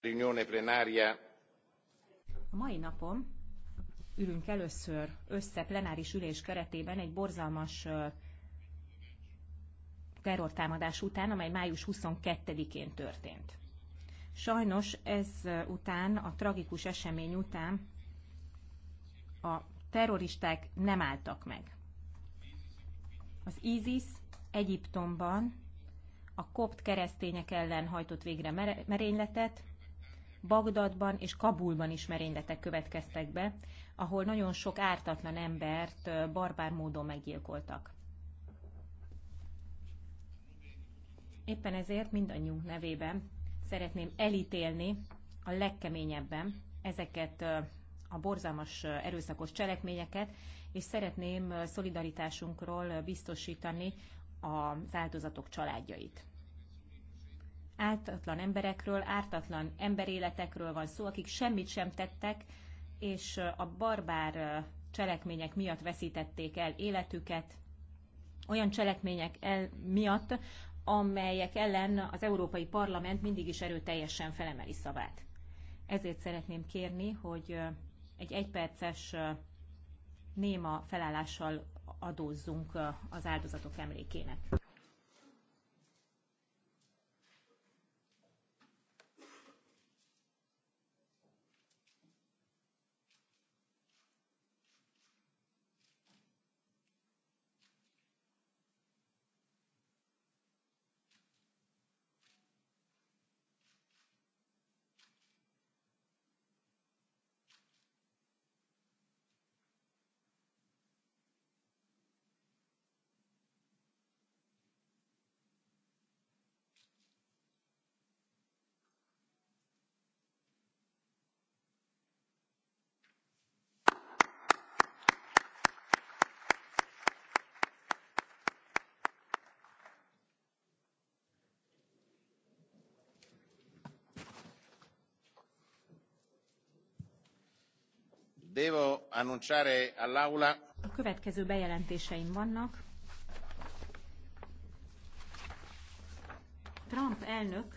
A mai napon ülünk először össze plenáris ülés keretében egy borzalmas terrortámadás után, amely május 22-én történt. Sajnos ez után, a tragikus esemény után a terroristák nem álltak meg. Az ISIS Egyiptomban a kopt keresztények ellen hajtott végre merényletet, Bagdadban és Kabulban is merényletek következtek be, ahol nagyon sok ártatlan embert barbár módon meggyilkoltak. Éppen ezért mindannyiunk nevében szeretném elítélni a legkeményebben ezeket a borzalmas erőszakos cselekményeket, és szeretném szolidaritásunkról biztosítani az áldozatok családjait ártatlan emberekről, ártatlan emberéletekről van szó, akik semmit sem tettek, és a barbár cselekmények miatt veszítették el életüket, olyan cselekmények el, miatt, amelyek ellen az Európai Parlament mindig is erőteljesen felemeli szavát. Ezért szeretném kérni, hogy egy egyperces néma felállással adózzunk az áldozatok emlékének. Devo annunciare all'aula. A következő bejelentéseim vannak. Trump elnök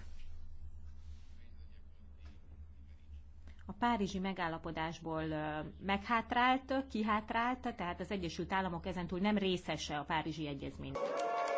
a párizsi megállapodásból meghátrált, kihátrált, tehát az Egyesült Államok ezentúl nem részese a párizsi egyezménynek.